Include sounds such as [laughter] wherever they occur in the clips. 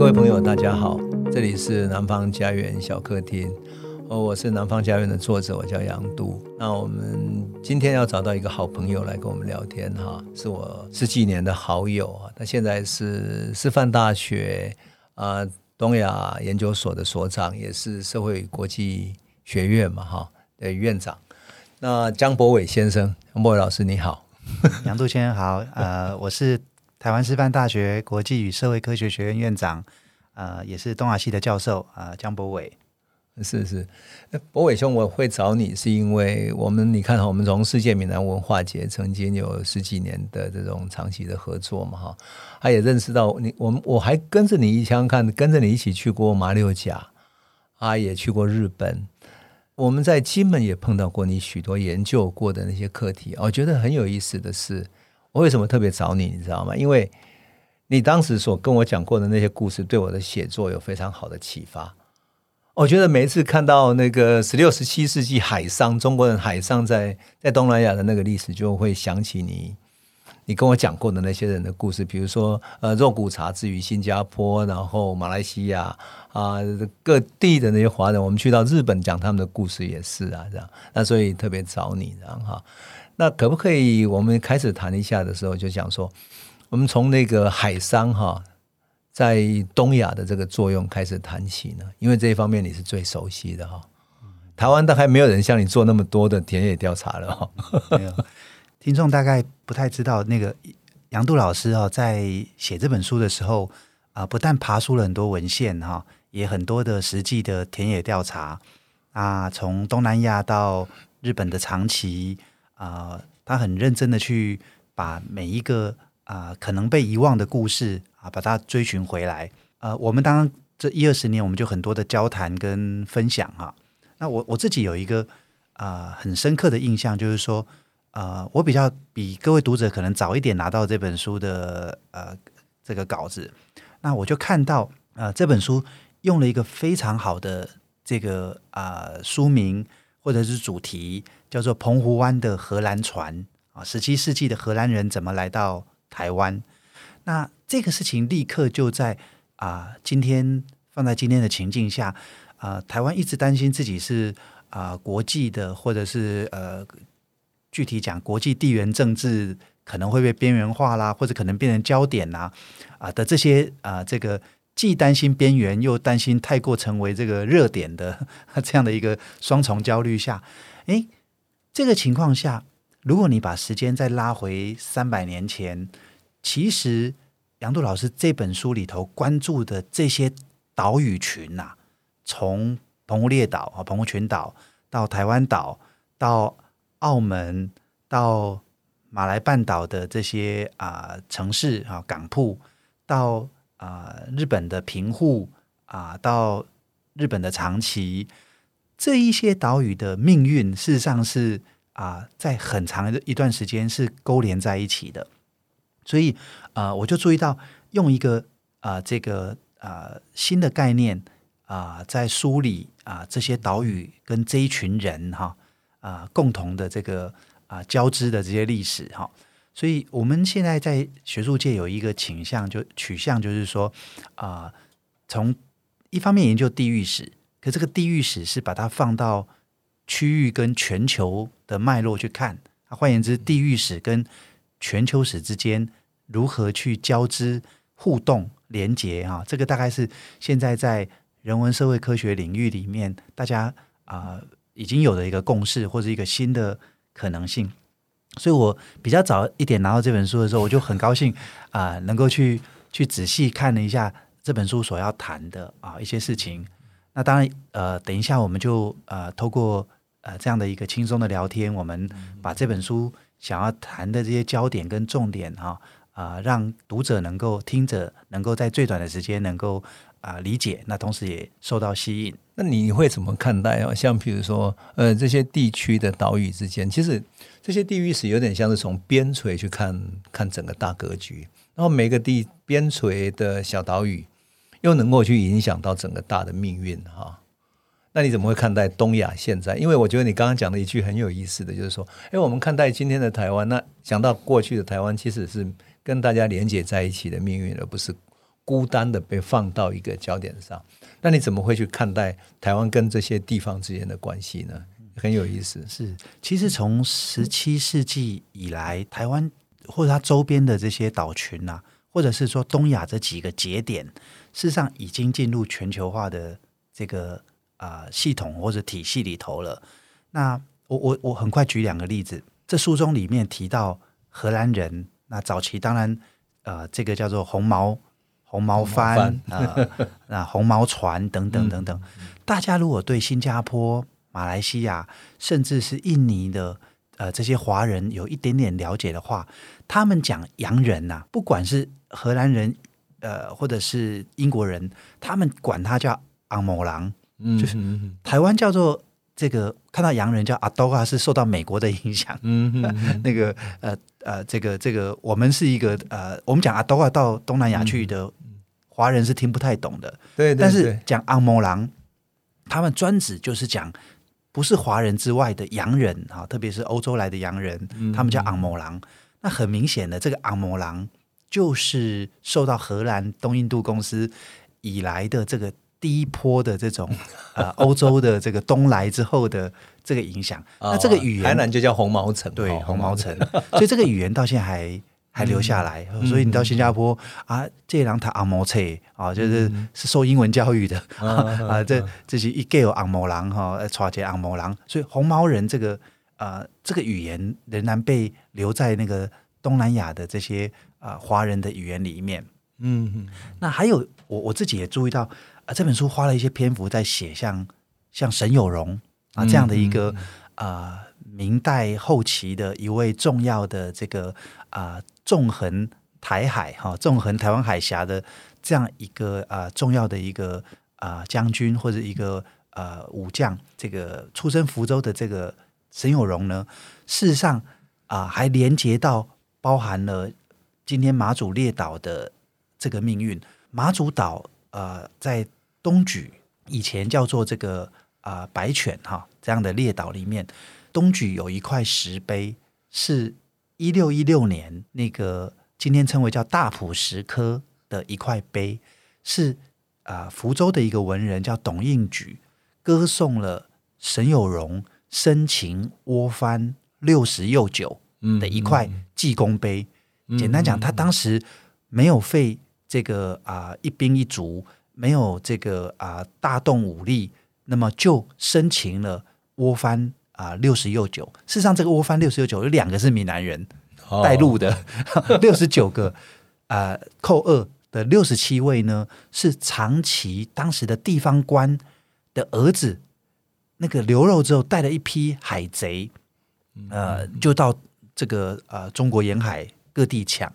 各位朋友，大家好，這裡是南方家園小客廳，我是南方家園的作者，我叫楊渡。那我們今天要找到一個好朋友來跟我們聊天哈，是我十幾年的好友啊，他現在是師範大學啊、呃、東亞研究所的所長，也是社會國際學院嘛哈的院長。那江柏煒先生，柏煒老師你好， [laughs] 楊渡先生好，呃，我是。台灣師範大學國際與社會科學學院院長，呃、也是東亞系的教授，啊、呃，江柏煒，是是，柏煒兄，我會找你是因為我們，你看，我們從世界閩南文化節曾經有十幾年的這種長期的合作嘛，哈，他也認識到你，我們我還跟着你一槍看，跟着你一起去過馬六甲，啊，也去過日本，我們在金門也碰到過你許多研究過的那些課題，我覺得很有意思的是。我為什麼特別找你，你知道嗎？因為，你當時所跟我講過的那些故事，對我的寫作有非常好的啟發。我覺得每一次看到那個十六、十七世紀海上中國人海上在在東南亞的那個歷史，就會想起你，你跟我講過的那些人的故事。比如說，呃，肉骨茶之於新加坡，然後馬來西亞啊，呃，各地的那些華人，我們去到日本講他們的故事也是啊，是這樣。那所以特別找你，然後哈。那可不可以，我們開始談一下的時候就講說，我們從那個海商哈、哦，在東亞的這個作用開始談起呢？因為這一方面你是最熟悉的哈、哦。台灣大概沒有人像你做那麼多的田野調查了哈、哦嗯。 [laughs] 聽眾大概不太知道，那個楊渡老師哈、哦，在寫這本書的時候啊、呃，不但爬梳了很多文獻哈、哦，也很多的實際的田野調查啊，從東南亞到日本的長崎。啊、呃，他很認真的去把每一個啊、呃、可能被遺忘的故事啊，把它追尋回來。呃，我們當這一二十年，我們就很多的交談跟分享哈、啊。那我我自己有一個啊、呃、很深刻的印象，就是說，呃，我比較比各位讀者可能早一點拿到這本書的呃這個稿子，那我就看到呃這本書用了一個非常好的這個啊、呃、書名。或者是主題叫做《澎湖灣的荷蘭船》啊，十七世紀的荷蘭人怎麼來到台灣？那這個事情立刻就在啊、呃，今天放在今天的情境下啊、呃，台灣一直擔心自己是啊、呃，國際的或者是呃，具體講國際地緣政治可能會被邊緣化啦，或者可能變成焦點啦，啊、呃、的這些啊、呃，這個。既擔心邊緣，又擔心太過成為這個熱點的這樣的一個雙重焦慮下，哎、欸，這個情況下，如果你把時間再拉回三百年前，其實楊渡老師這本書裡頭關注的這些島嶼群吶、啊，從澎湖列島啊、澎湖群島到台灣島，到澳門，到馬來半島的這些啊、呃、城市啊、呃、港埠到。啊、呃，日本的平戶啊、呃，到日本的長崎，這一些島嶼的命運，事實上是啊、呃，在很長的一段時間是勾連在一起的。所以啊、呃，我就注意到用一個啊、呃，這個啊、呃、新的概念啊、呃，在梳理啊、呃、這些島嶼跟這一群人哈啊、哦呃、共同的這個啊、呃、交織的這些歷史哈。哦所以，我們現在在學術界有一個傾向，就取向，就是說，啊、呃，從一方面研究地域史，可這個地域史是把它放到區域跟全球的脈絡去看。啊，換言之，地域史跟全球史之間如何去交織、互動、連接？啊，這個大概是現在在人文社會科學領域裡面，大家啊、呃，已經有的一個共識，或者是一個新的可能性。所以，我比較早一點拿到這本書的時候，我就很高興啊、呃，能夠去去仔細看了一下這本書所要談的啊一些事情。那當然，呃，等一下我們就呃透過呃這樣的一個輕鬆的聊天，我們把這本書想要談的這些焦點跟重點哈、啊，啊、呃，讓讀者能夠聽者能夠在最短的時間能夠啊、呃、理解，那同時也受到吸引。那你會怎麼看待哦？像譬如說，呃，這些地區的島嶼之間，其實這些地域是有點像是從邊陲去看看整個大格局，然後每個地邊陲的小島嶼又能夠去影響到整個大的命運哈、哦。那你怎麼會看待東亞現在？因為我覺得你剛剛講的一句很有意思的，就是說，哎，我們看待今天的台灣，那講到過去的台灣，其實是跟大家連接在一起的命運，而不是。孤單地被放到一個焦點上，那你怎麼會去看待台灣跟這些地方之間的關係呢？很有意思，是其實從十七世紀以來，台灣或者它周邊的這些島群啊，或者是說東亞這幾個節點，事實上已經進入全球化的這個啊、呃、系統或者體系裡頭了。那我我我很快舉兩個例子，這書中裡面提到荷蘭人，那早期當然啊、呃，這個叫做紅毛。紅毛番啊，那紅，毛、呃、紅毛船等等等等， [laughs] 嗯、大家如果對新加坡、馬來西亞，甚至是印尼的呃這些華人有一點點了解的話，他們講洋人吶、啊，不管是荷蘭人，呃，或者是英國人，他們管他叫昂某郎，嗯、哼哼就是台灣叫做。這個看到洋人叫阿多瓦是受到美國的影響，嗯嗯嗯、 [laughs] 那個呃呃，這個這個我們是一個呃，我們講阿多瓦到東南亞去的、嗯嗯、華人是聽不太懂的，對，但是講阿摩狼，他們專指就是講不是華人之外的洋人啊、哦，特別是歐洲來的洋人，他們叫阿摩狼。嗯、那很明顯的，這個阿摩狼就是受到荷蘭東印度公司以來的這個。第一波的這種啊，歐洲的這個東來之後的這個影響，那這個語言，台南就叫紅毛城，對，紅毛城，所以這個語言到現在還還留下來。所以你到新加坡啊，這些人他阿毛切啊，就是是受英文教育的啊，這這是伊個有阿毛人哈，穿起阿毛人，所以紅毛人這個呃，這個語言仍然被留在那個東南亞的這些啊華人的語言裡面。嗯，那還有我我自己也注意到。啊、這本書花了一些篇幅在寫，像像沈有容啊這樣的一個啊、嗯呃、明代後期的一位重要的這個啊、呃、縱橫臺海哈、哦，縱橫臺灣海峽的這樣一個啊、呃、重要的一個啊、呃、將軍或者一個啊、呃、武將，這個出身福州的這個沈有容呢，事實上啊、呃、還連接到包含了今天馬祖列島的這個命運，馬祖島呃在。東莒以前叫做這個啊、呃、白犬哈，這樣的列島裡面，東莒有一塊石碑，是一六一六年那個今天稱為叫大埔石刻的一塊碑，是啊、呃、福州的一個文人叫董應舉歌頌了沈有容生擒倭番六十又九的一塊紀功碑。嗯嗯，簡單講，他當時沒有費這個啊、呃、一兵一卒。沒有這個啊、呃，大動武力，那麼就申請了倭番啊六十又九。事實上，這個倭番六十又九有兩個是閩南人帶路的，六十九個啊、呃，扣二的六十七位呢是長崎當時的地方官的兒子。那個流肉之後，帶了一批海賊，呃，就到這個呃中國沿海各地搶。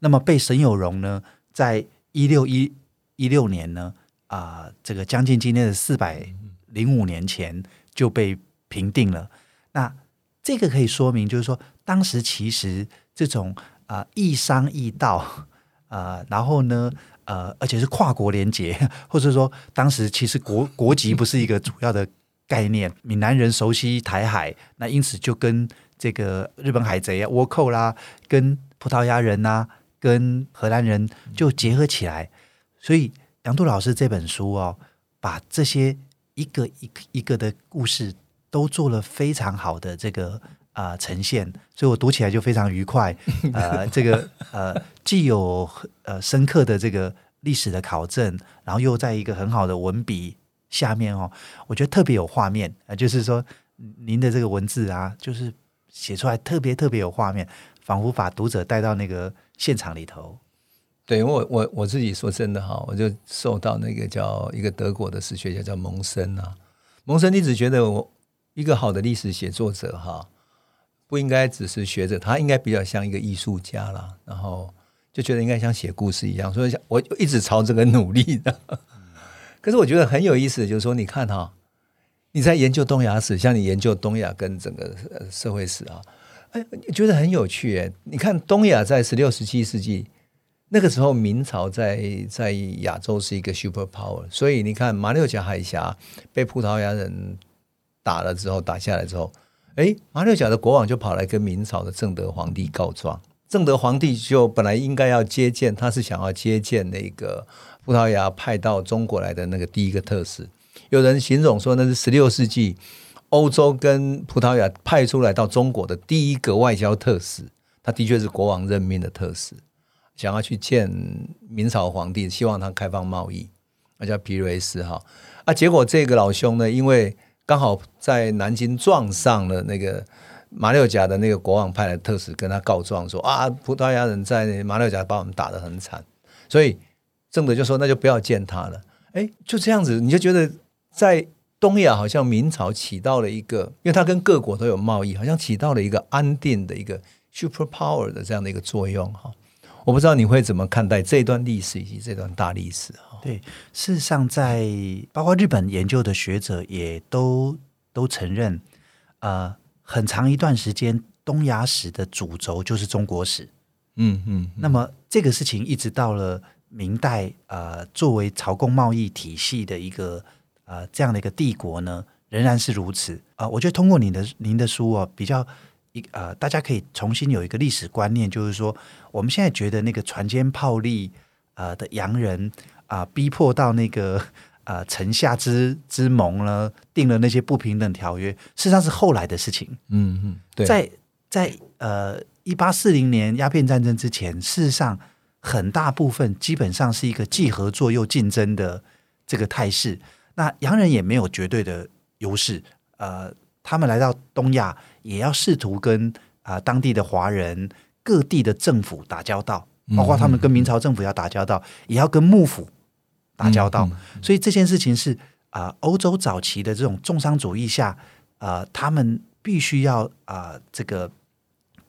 那麼被沈有容呢，在一六一一六年呢，啊、呃，這個將近今天的四百零五年前就被平定了。那這個可以說明，就是說當時其實這種啊呃、亦商亦盜啊，然後呢呃，而且是跨國聯結，或者說當時其實國國籍不是一個主要的概念。 [laughs] 閩南人熟悉台海，那因此就跟這個日本海賊啊、倭寇啦，跟葡萄牙人吶、啊、跟荷蘭人就結合起來。所以楊渡老師這本書哦，把這些一個一個一個的故事都做了非常好的這個啊、呃、呈現，所以我讀起來就非常愉快啊、 [laughs] 呃。這個呃，既有呃深刻的這個歷史的考證，然後又在一個很好的文筆下面哦，我覺得特別有畫面啊、呃，就是說您的這個文字啊，就是寫出來特別特別有畫面，仿佛把讀者帶到那個現場裡頭。對，因為我我我自己說真的哈，我就受到那個叫一個德國的史學家叫蒙森啊，蒙森，一直覺得我一個好的歷史寫作者哈，不應該只是學者，他應該比較像一個藝術家啦。然後就覺得應該像寫故事一樣，所以我就一直朝這個努力的。可是我覺得很有意思，就是說你看哈、啊，你在研究東亞史，像你研究東亞跟整個社會史啊，哎，覺得很有趣哎、欸，你看東亞在十六、十七世紀。那個時候，明朝在在亞洲是一個 super power，所以你看馬六甲海峽被葡萄牙人打了之後，打下來之後，哎，馬六甲的國王就跑來跟明朝的正德皇帝告狀，正德皇帝就本來應該要接見，他是想要接見那個葡萄牙派到中國來的那個第一個特使，有人形容說那是十六世紀歐洲跟葡萄牙派出來到中國的第一個外交特使，他的確是國王任命的特使。想要去見明朝皇帝，希望他開放貿易，那叫皮瑞斯哈啊。結果這個老兄呢，因為剛好在南京撞上了那個馬六甲的那個國王派來的特使，跟他告狀說，啊，葡萄牙人在馬六甲把我們打得很慘。所以正德就說那就不要見他了。哎，就這樣子，你就覺得在東亞好像明朝起到了一個，因為他跟各國都有貿易，好像起到了一個安定的一個 super power 的這樣的一個作用哈。我不知道你會怎麼看待這段歷史以及這段大歷史啊。對，事實上，在包括日本研究的學者也都都承認，呃，很長一段時間，東亞史的主軸就是中國史。嗯嗯。嗯嗯，那麼這個事情一直到了明代，呃，作為朝貢貿易體系的一個呃，這樣的一個帝國呢，仍然是如此。啊、呃，我覺得通過你的您的書啊、哦，比較。一呃，大家可以重新有一個歷史觀念，就是說，我們現在覺得那個船堅炮利呃的洋人啊、呃，逼迫到那個呃城下之之盟呢，定了那些不平等條約，事實上是後來的事情。嗯嗯，對，在在呃一八四零年鴉片戰爭之前，事實上很大部分基本上是一個既合作又競爭的這個態勢。那洋人也沒有絕對的優勢，呃，他們來到東亞。也要試圖跟啊、呃、當地的華人、各地的政府打交道，包括他們跟明朝政府要打交道，也要跟幕府打交道。所以這件事情是啊，呃、歐洲早期的這種重商主義下，呃、他們必須要啊、呃，這個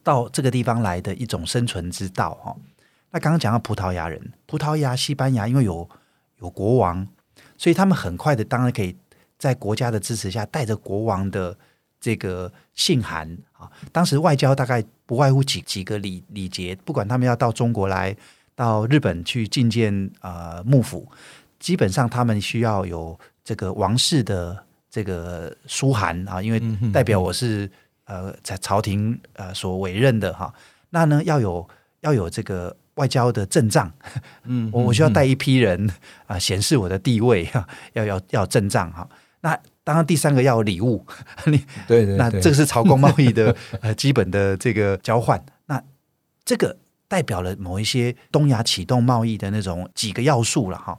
到這個地方來的一種生存之道哦，那剛剛講到葡萄牙人、葡萄牙、西班牙，因為有有國王，所以他們很快的當然可以在國家的支持下，帶着國王的。這個信函啊，當時外交大概不外乎幾幾個禮禮節，不管他們要到中國來，到日本去覲見啊、呃、幕府，基本上他們需要有這個王室的這個書函啊，因為代表我是呃在朝廷呃所委任的哈、啊。那呢，要有要有這個外交的陣仗，嗯哼哼，我需要帶一批人啊，顯示我的地位，啊、要要要陣仗哈、啊。那。當然，第三個要禮物，你對對，對， [laughs] 那這個是朝貢貿易的基本的這個交換。 [laughs] 那這個代表了某一些東亞啟動貿易的那種幾個要素了哈。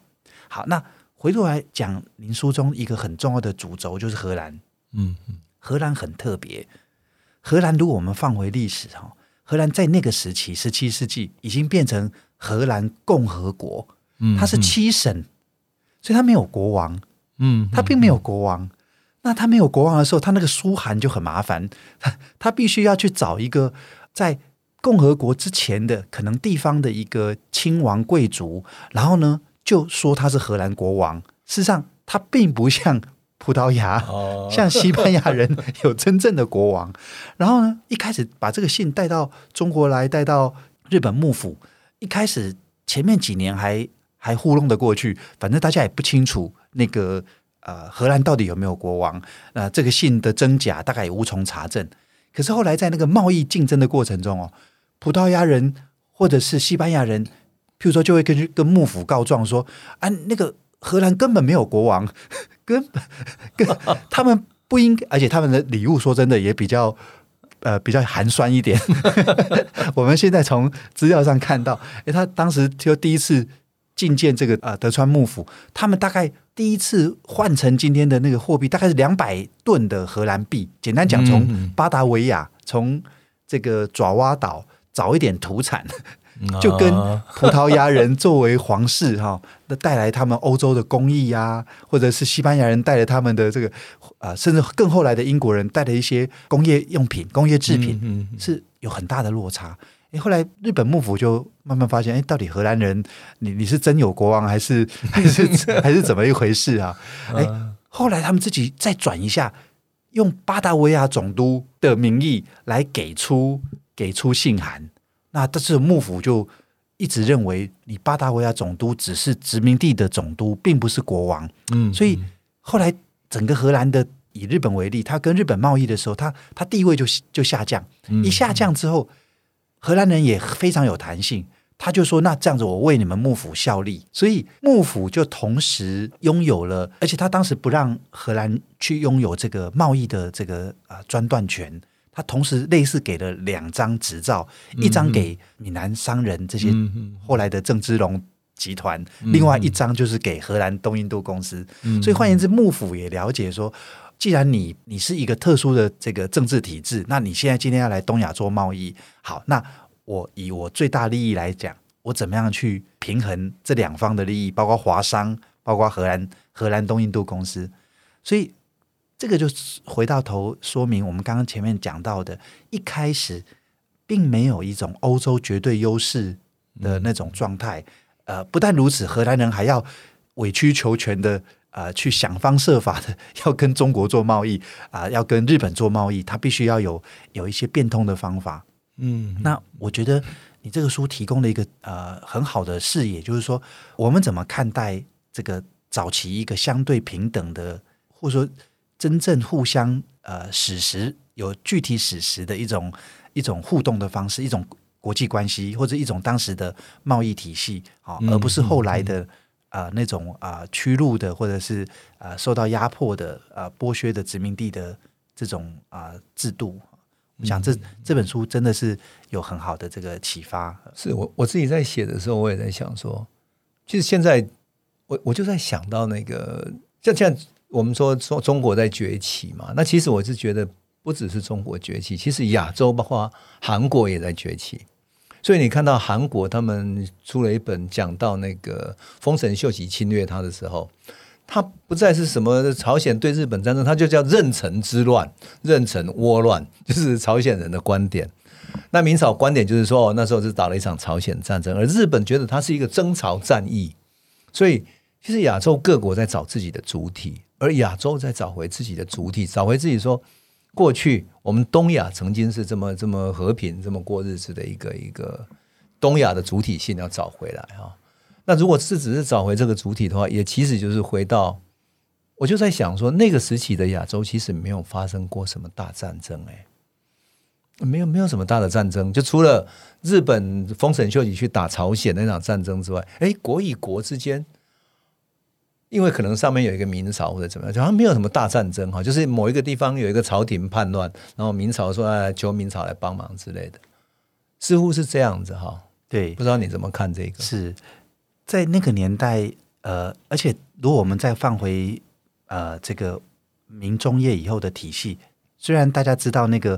好，那回頭來講，您書中一個很重要的主軸就是荷蘭，嗯，荷蘭很特別。荷蘭，如果我們放回歷史哈，荷蘭在那個時期，十七世紀已經變成荷蘭共和國，嗯，它是七省，所以它沒有國王，嗯哼哼，它並沒有國王。那他沒有國王的時候，他那個書函就很麻煩，他必須要去找一個在共和國之前的可能地方的一個親王貴族，然後呢，就說他是荷蘭國王。事實上，他並不像葡萄牙、oh. 像西班牙人有真正的國王。 [laughs] 然後呢，一開始把這個信帶到中國來，帶到日本幕府，一開始前面幾年還還糊弄得過去，反正大家也不清楚那個。呃，荷蘭到底有沒有國王？那、呃、這個信的真假大概也無從查證。可是後來在那個貿易競爭的過程中哦，葡萄牙人或者是西班牙人，譬如說就會根據跟幕府告狀說：“啊，那個荷蘭根本沒有國王，根本。他們不應該，而且他們的禮物說真的也比較呃比較寒酸一點。 [laughs] ”我們現在從資料上看到，哎、欸，他當時就第一次。覲見這個德川幕府，他們大概第一次換成今天的那個貨幣，大概是兩百噸的荷蘭幣。簡單講，從巴達維亞，從這個爪哇島找一點土產，嗯、 [laughs] 就跟葡萄牙人作為皇室哈、哦、那 [laughs] 帶來他們歐洲的工藝呀、啊，或者是西班牙人帶來他們的這個啊、呃，甚至更後來的英國人帶來一些工業用品、工業制品，嗯、是有很大的落差。後來，日本幕府就慢慢發現，哎、欸，到底荷蘭人，你你是真有國王，還是 [laughs] 還是還是怎麼一回事啊？哎、欸，後來他們自己再轉一下，用巴達維亞總督的名義來給出給出信函。那但是幕府就一直認為，你巴達維亞總督只是殖民地的總督，並不是國王。嗯，嗯，所以後來整個荷蘭的，以日本為例，他跟日本貿易的時候，他他地位就就下降，一下降之後。嗯嗯荷蘭人也非常有彈性，他就說：“那這樣子，我為你們幕府效力。”所以幕府就同時擁有了，而且他當時不讓荷蘭去擁有這個貿易的這個啊專斷權，他同時類似給了兩張執照，嗯、哼一張給閩南商人這些後來的鄭芝龍集團，嗯、哼另外一張就是給荷蘭東印度公司。嗯、哼所以換言之，幕府也了解說。既然你你是一個特殊的這個政治體制，那你現在今天要來東亞做貿易，好，那我以我最大利益來講，我怎麼樣去平衡這兩方的利益，包括華商，包括荷蘭荷蘭東印度公司，所以這個就回到頭說明我們剛剛前面講到的，一開始並沒有一種歐洲絕對優勢的那種狀態。嗯、呃，不但如此，荷蘭人還要委曲求全的。呃，去想方設法的要跟中國做貿易啊、呃，要跟日本做貿易，他必須要有有一些變通的方法。嗯哼，那我覺得你這個書提供了一個呃很好的視野，就是說我們怎麼看待這個早期一個相對平等的，或者說真正互相呃史實有具體史實的一種一種互動的方式，一種國際關係或者一種當時的貿易體系啊、呃，而不是後來的、嗯哼。嗯啊、呃，那種啊、呃、屈辱的，或者是啊、呃、受到壓迫的啊、呃、剝削的殖民地的這種啊、呃、制度，我想這這本書真的是有很好的這個啟發。是我我自己在寫的時候，我也在想說，其實現在我我就在想到那個，像現在我們說說中國在崛起嘛，那其實我是覺得不只是中國崛起，其實亞洲包括韓國也在崛起。所以你看到韓國他們出了一本講到那個豐臣秀吉侵略他的時候，他不再是什麼朝鮮對日本戰爭，他就叫壬辰之亂、壬辰倭亂，就是朝鮮人的觀點。那明朝觀點就是說，那時候是打了一場朝鮮戰爭，而日本覺得它是一個征朝戰役。所以其實亞洲各國在找自己的主體，而亞洲在找回自己的主體，找回自己說。過去我們東亞曾經是這麼這麼和平這麼過日子的一個一個東亞的主體性要找回來哈、哦。那如果是只是找回這個主體的話，也其實就是回到。我就在想說，那個時期的亞洲其實沒有發生過什麼大戰爭，誒。沒有沒有什麼大的戰爭，就除了日本豐臣秀吉去打朝鮮那場戰爭之外，哎，國與國之間。因為可能上面有一個明朝或者怎麼樣，好像沒有什麼大戰爭哈，就是某一個地方有一個朝廷叛亂，然後明朝說要求明朝來幫忙之類的，似乎是這樣子哈。對，不知道你怎麼看這個？是在那個年代，呃，而且如果我們再放回啊、呃，這個明中葉以後的體系，雖然大家知道那個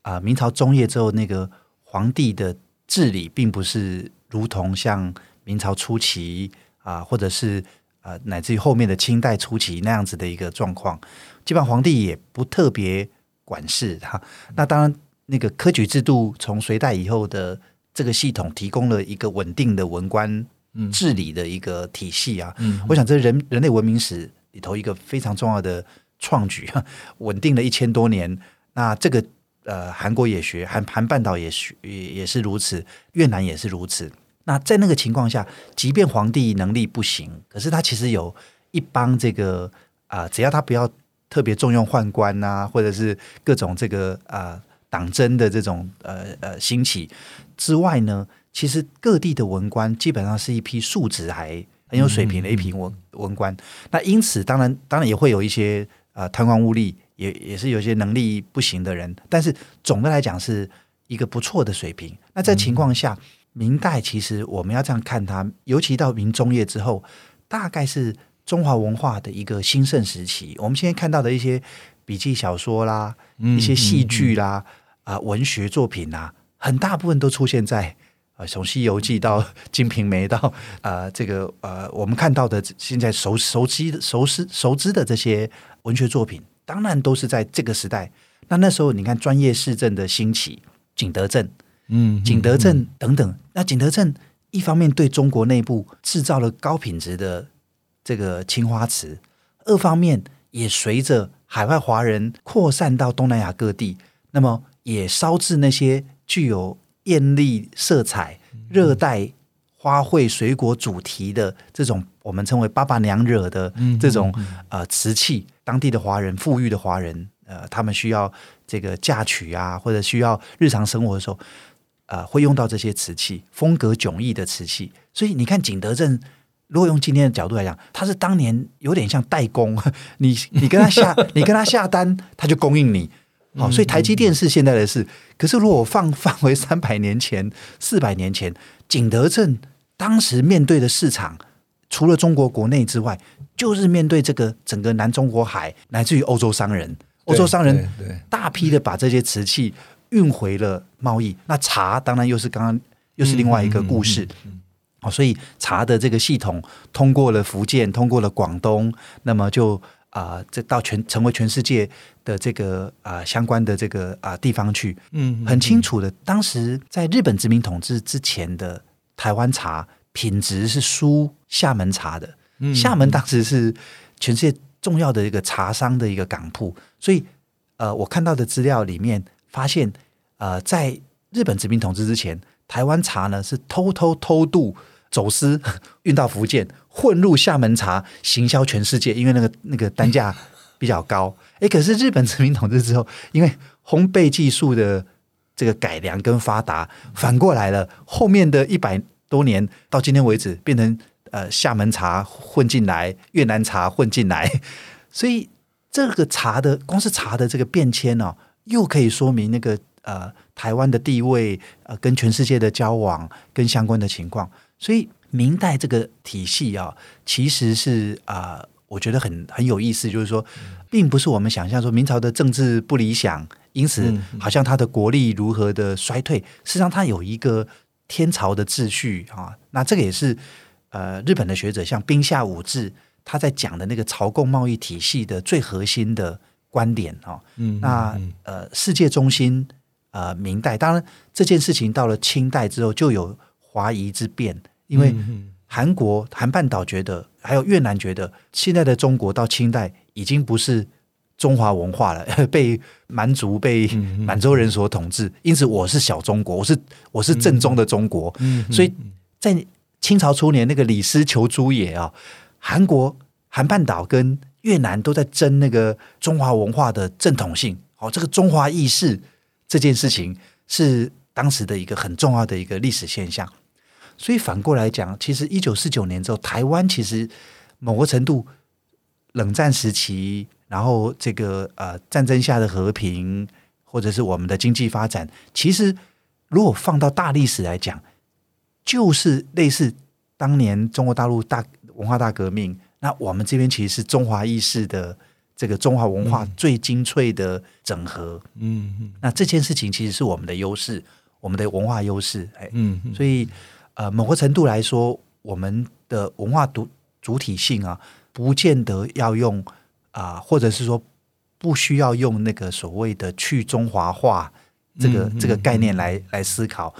啊、呃、明朝中葉之後那個皇帝的治理並不是如同像明朝初期啊、呃、或者是。呃，乃至於後面的清代初期那樣子的一個狀況，基本上皇帝也不特別管事哈。那當然，那個科舉制度從隋代以後的這個系統，提供了一個穩定的文官治理的一個體系啊。嗯，我想這是人人類文明史裡頭一個非常重要的創舉，穩定了一千多年。那這個呃，韓國也學，韓韓半島也學，也也是如此，越南也是如此。那在那個情況下，即便皇帝能力不行，可是他其實有一幫這個啊、呃，只要他不要特別重用宦官吶、啊，或者是各種這個啊、呃、黨爭的這種呃呃興起之外呢，其實各地的文官基本上是一批素質還很有水平的一批文文官。嗯、那因此，當然當然也會有一些呃貪官汙吏，也也是有一些能力不行的人，但是總的來講是一個不錯的水平。那在情況下。嗯明代其實我們要這樣看它，尤其到明中葉之後，大概是中華文化的一個興盛時期。我們現在看到的一些筆記小說啦，嗯、一些戲劇啦，啊、嗯呃，文學作品啊，很大部分都出現在啊、呃，從《西遊記》到《金瓶梅》到啊，這個呃，我們看到的現在熟熟悉、熟識、熟知的這些文學作品，當然都是在這個時代。那那時候，你看專業市鎮的興起，景德鎮。嗯，景德鎮等等。那景德鎮一方面對中國內部製造了高品質的這個青花瓷，二方面也隨着海外華人擴散到東南亞各地，那麼也燒制那些具有艷麗色彩、熱帶花卉、水果主題的這種我們稱為“爸爸娘惹”的這種呃瓷器。當地的華人、富裕的華人，呃，他們需要這個嫁娶啊，或者需要日常生活的時候。啊、呃，會用到這些瓷器，風格迥異的瓷器。所以你看，景德鎮，如果用今天的角度來講，它是當年有點像代工。你你跟他下， [laughs] 你跟他下單，他就供應你。好、哦，所以台積電是現在的事，可是如果放回三百年前、四百年前，景德鎮當時面對的市場，除了中國國內之外，就是面對這個整個南中國海，乃至於歐洲商人。歐洲商人大批的把這些瓷器。運回了貿易，那茶當然又是剛剛又是另外一個故事，嗯嗯嗯嗯、哦、所以茶的這個系統通過了福建，通過了廣東，那麼就啊、呃，這到全成為全世界的這個啊、呃、相關的這個啊、呃、地方去，嗯，嗯嗯很清楚的。當時在日本殖民統治之前的台灣茶品質是輸廈門茶的，嗯嗯、廈門當時是全世界重要的一個茶商的一個港鋪，所以呃，我看到的資料裡面，發現，呃，在日本殖民統治之前，台灣茶呢是偷偷偷渡、走私運到福建，混入廈門茶，行銷全世界。因為那個那個單價比較高。誒，可是日本殖民統治之後，因為烘焙技術的這個改良跟發達，反過來了。後面的一百多年到今天為止，變成呃廈門茶混進來，越南茶混進來，所以這個茶的光是茶的這個變遷哦，又可以說明那個呃台灣的地位，呃跟全世界的交往跟相關的情況，所以明代這個體系啊，其實是啊、呃，我覺得很很有意思，就是說，並不是我們想象說明朝的政治不理想，因此好像他的國力如何的衰退，嗯嗯事實上他有一個天朝的秩序啊，那這個也是呃日本的學者像濱下武志，他在講的那個朝貢貿易體系的最核心的觀點哈、哦，那呃，世界中心呃，明代當然這件事情到了清代之後就有華夷之辨，因為韓國、韓半島覺得，還有越南覺得，現在的中國到清代已經不是中華文化了，被滿族、被滿洲人所統治，嗯、哼因此我是小中國，我是我是正宗的中國，嗯、哼所以在清朝初年那個李斯求諸也啊、哦，韓國、韓半島跟。越南都在爭那個中華文化的正統性，哦，這個中華意識這件事情是當時的一個很重要的一個歷史現象。所以反過來講，其實一九四九年之後，台灣其實某個程度，冷戰時期，然後這個呃戰爭下的和平，或者是我們的經濟發展，其實如果放到大歷史來講，就是類似當年中國大陸大文化大革命。那我們這邊其實是中華意識的這個中華文化最精粹的整合，嗯，那這件事情其實是我們的優勢，我們的文化優勢，哎，嗯哼，所以呃，某個程度來說，我們的文化主主體性啊，不見得要用啊、呃，或者是說不需要用那個所謂的去中華化這個、嗯、哼這個概念來來思考。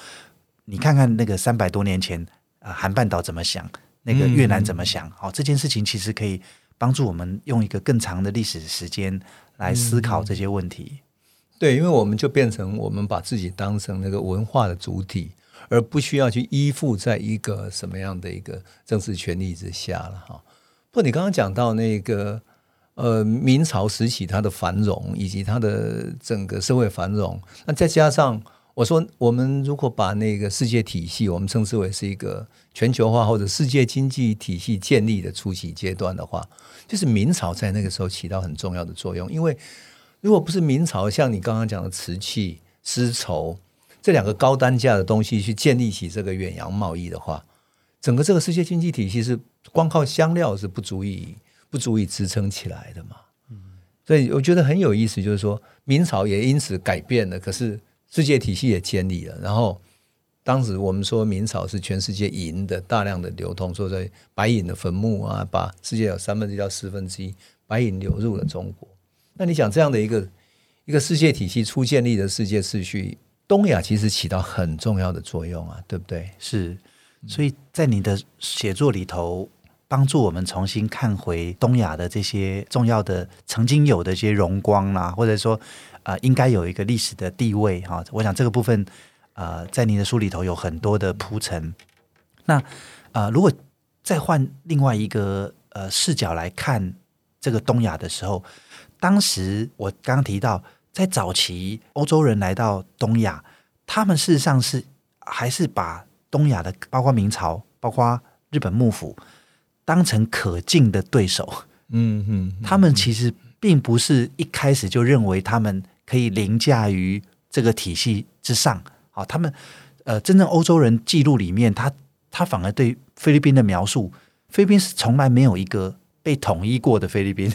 你看看那個三百多年前啊、呃，韓半島怎麼想？那個越南怎麼想？好、嗯哦，這件事情其實可以幫助我們用一個更長的歷史時間來思考這些問題、嗯。對，因為我們就變成我們把自己當成那個文化的主體，而不需要去依附在一個什麼樣的一個政治權力之下了。哈，不，你剛剛講到那個呃，明朝時期它的繁榮以及它的整個社會繁榮，那再加上。我說，我們如果把那個世界體系，我們稱之為是一個全球化或者世界經濟體系建立的初期階段的話，就是明朝在那個時候起到很重要的作用。因為如果不是明朝，像你剛剛講的瓷器、絲綢這兩個高單價的東西去建立起這個遠洋貿易的話，整個這個世界經濟體系是光靠香料是不足以不足以支撐起來的嘛。所以我覺得很有意思，就是說明朝也因此改變了。可是世界體系也建立了，然後當時我們說，明朝是全世界銀的大量的流通，所以在白銀的墳墓啊，把世界有三分之一到四分之一白銀流入了中國。那你想這樣的一個一個世界體系初建立的世界秩序，東亞其實起到很重要的作用啊，對不對？是，所以在你的寫作裡頭。幫助我們重新看回東亞的這些重要的、曾經有的一些榮光啦、啊，或者說，呃，應該有一個歷史的地位哈、哦。我想這個部分，呃，在你的書裡頭有很多的鋪陳。那呃，如果再換另外一個呃視角來看這個東亞的時候，當時我剛剛提到，在早期歐洲人來到東亞，他們事實上是還是把東亞的，包括明朝，包括日本幕府，當成可敬的對手，嗯哼，他們其實並不是一開始就認為他們可以凌駕於這個體系之上。啊，他們呃，真正歐洲人記錄裡面，他他反而對菲律賓的描述，菲律賓是從來沒有一個被統一過的菲律賓，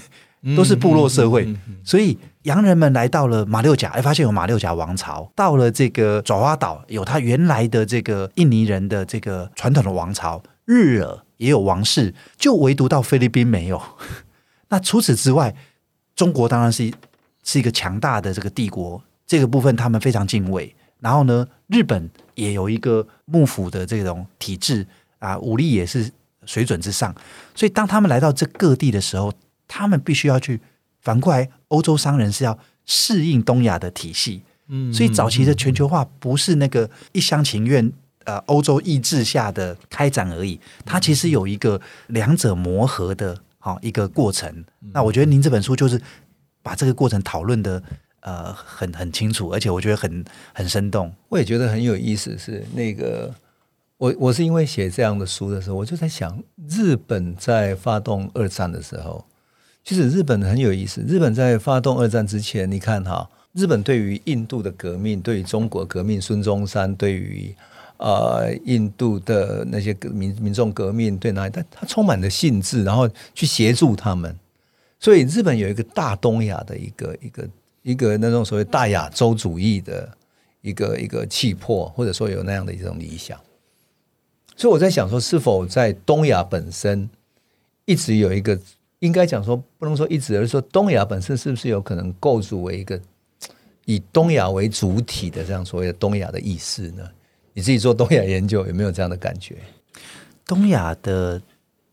都是部落社會。所以洋人們來到了馬六甲，哎，發現有馬六甲王朝；到了這個爪哇島，有他原來的這個印尼人的這個傳統的王朝。日耳也有王室，就唯獨到菲律賓沒有。 [laughs] 那除此之外，中國當然是是一個強大的這個帝國，這個部分他們非常敬畏。然後呢，日本也有一個幕府的這種體制啊，武力也是水準之上。所以當他們來到這各地的時候，他們必須要去反過來。歐洲商人是要適應東亞的體系，所以早期的全球化不是那個一廂情願呃，歐洲意志下的開展而已，它其實有一個兩者磨合的好一個過程。那我覺得您這本書就是把這個過程討論得呃很很清楚，而且我覺得很很生動。我也覺得很有意思是，是那個我我是因為寫這樣的書的時候，我就在想日本在發動二戰的時候，其實日本很有意思。日本在發動二戰之前，你看哈，日本對於印度的革命，對於中國革命，孫中山對於。呃，印度的那些民民眾革命對哪裡？他他充滿了興致，然後去協助他們。所以日本有一個大東亞的一個一個一個那種所謂大亞洲主義的一個一個氣魄，或者說有那樣的一種理想。所以我在想說，是否在東亞本身一直有一個應該講說，不能說一直，而是說東亞本身是不是有可能構築為一個以東亞為主體的這樣所謂的東亞的意識呢？你自己做東亞研究，有沒有這樣的感覺？東亞的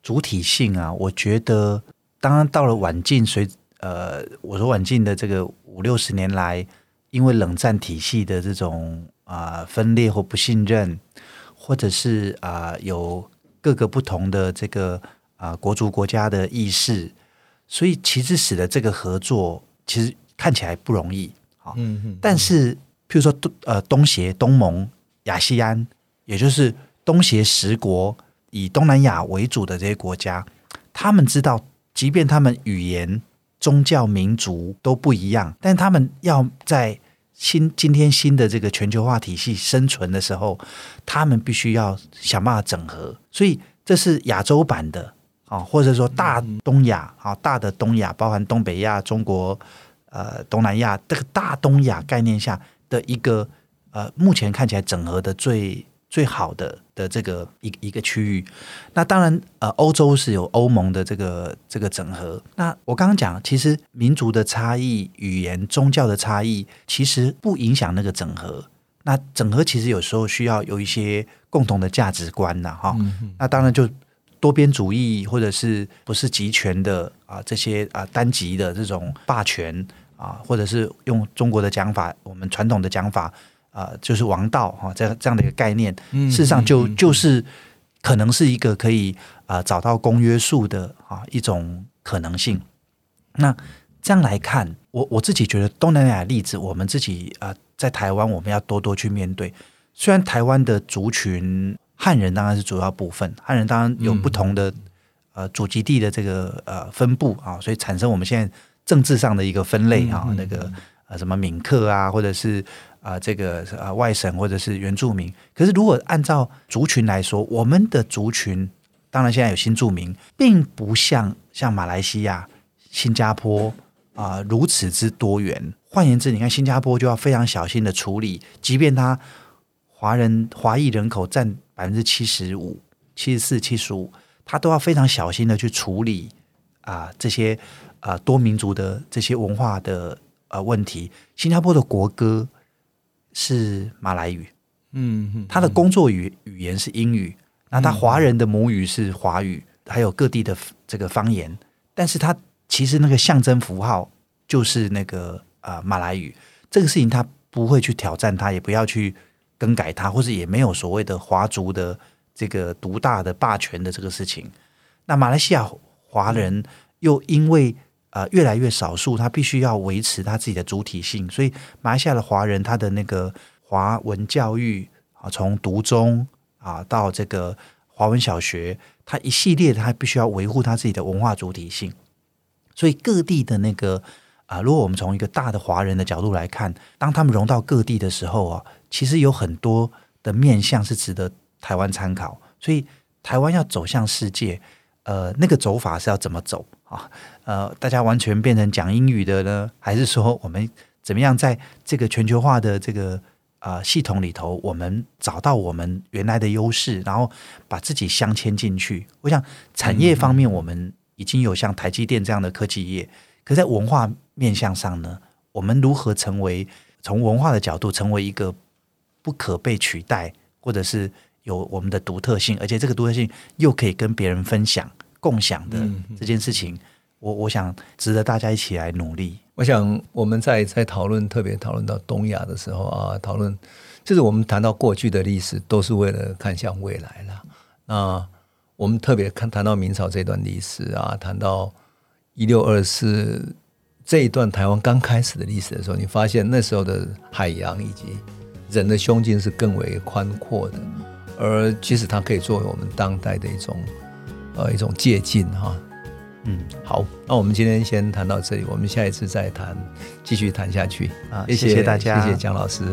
主體性啊，我覺得，當然到了晚近，隨呃，我說晚近的這個五六十年來，因為冷戰體系的這種啊、呃、分裂或不信任，或者是啊、呃、有各個不同的這個啊、呃、國族國家的意識，所以其實使得這個合作其實看起來不容易啊。嗯嗯，但是譬如說呃東呃東協東盟。亞細安，也就是東協十國，以東南亞為主的這些國家，他們知道，即便他們語言、宗教、民族都不一樣，但他們要在新今天新的這個全球化體系生存的時候，他們必須要想辦法整合。所以，這是亞洲版的啊，或者說大東亞啊，大的東亞，包含東北亞、中國、呃東南亞，這個大東亞概念下的一個。呃，目前看起來整合的最最好的的這個一一個區域，那當然呃，歐洲是有歐盟的這個這個整合。那我剛剛講，其實民族的差異、語言、宗教的差異，其實不影響那個整合。那整合其實有時候需要有一些共同的價值觀吶，哈、嗯哼。那當然就多邊主義，或者是不是集權的啊、呃，這些啊、呃、單極的這種霸權啊、呃，或者是用中國的講法，我們傳統的講法。啊、呃，就是王道哈、哦，這樣這樣的一個概念，嗯、事實上就、嗯嗯、就是可能是一個可以啊、呃、找到公約數的啊、哦、一種可能性。那這樣來看，我我自己覺得東南亞的例子，我們自己啊、呃、在台灣，我們要多多去面對。雖然台灣的族群漢人當然是主要部分，漢人當然有不同的、嗯、呃祖籍地的這個呃分布啊、哦，所以產生我們現在政治上的一個分類啊、嗯嗯哦，那個呃什麼閩客啊，或者是。啊、呃，這個啊、呃，外省或者是原住民。可是，如果按照族群來說，我們的族群當然現在有新住民，並不像像馬來西亞、新加坡啊、呃、如此之多元。換言之，你看新加坡就要非常小心的處理，即便他華人華裔人口佔百分之七十五、七十四、七十五，他都要非常小心的去處理啊、呃、這些啊、呃、多民族的這些文化的呃問題。新加坡的國歌。是馬來語，嗯，他的工作語語言是英語，那他華人的母語是華語，還有各地的這個方言，但是他其實那個象徵符號就是那個呃馬來語，這個事情他不會去挑戰他，也不要去更改他，或者也沒有所謂的華族的這個獨大的霸權的這個事情。那馬來西亞華人又因為啊，越來越少數，他必須要維持他自己的主體性。所以，馬來西亞的華人，他的那個華文教育啊，從獨中啊到這個華文小學，他一系列他必須要維護他自己的文化主體性。所以，各地的那個啊，如果我們從一個大的華人的角度來看，當他們融到各地的時候啊，其實有很多的面向是值得台灣參考。所以，台灣要走向世界，呃，那個走法是要怎麼走？啊，呃，大家完全變成講英語的呢？還是說我們怎麼樣在這個全球化的這個啊、呃、系統裡頭，我們找到我們原來的優勢，然後把自己鑲嵌進去？我想產業方面，我們已經有像台積電這樣的科技業，嗯、可在文化面向上呢，我們如何成為從文化的角度成為一個不可被取代，或者是有我們的獨特性，而且這個獨特性又可以跟別人分享？共享的這件事情，我我想值得大家一起來努力。我想我們在在討論，特別討論到東亞的時候啊，討論，就是我們談到過去的歷史，都是為了看向未來啦。那我們特別看談到明朝這段歷史啊，談到一六二四這一段台灣剛開始的歷史的時候，你發現那時候的海洋以及人的胸襟是更為寬闊的，而其實它可以作為我們當代的一種。呃，一種借鑒哈，啊、嗯，好，那、啊、我們今天先談到這裡，我們下一次再談，繼續談下去，謝謝啊，謝謝大家，謝謝江老師。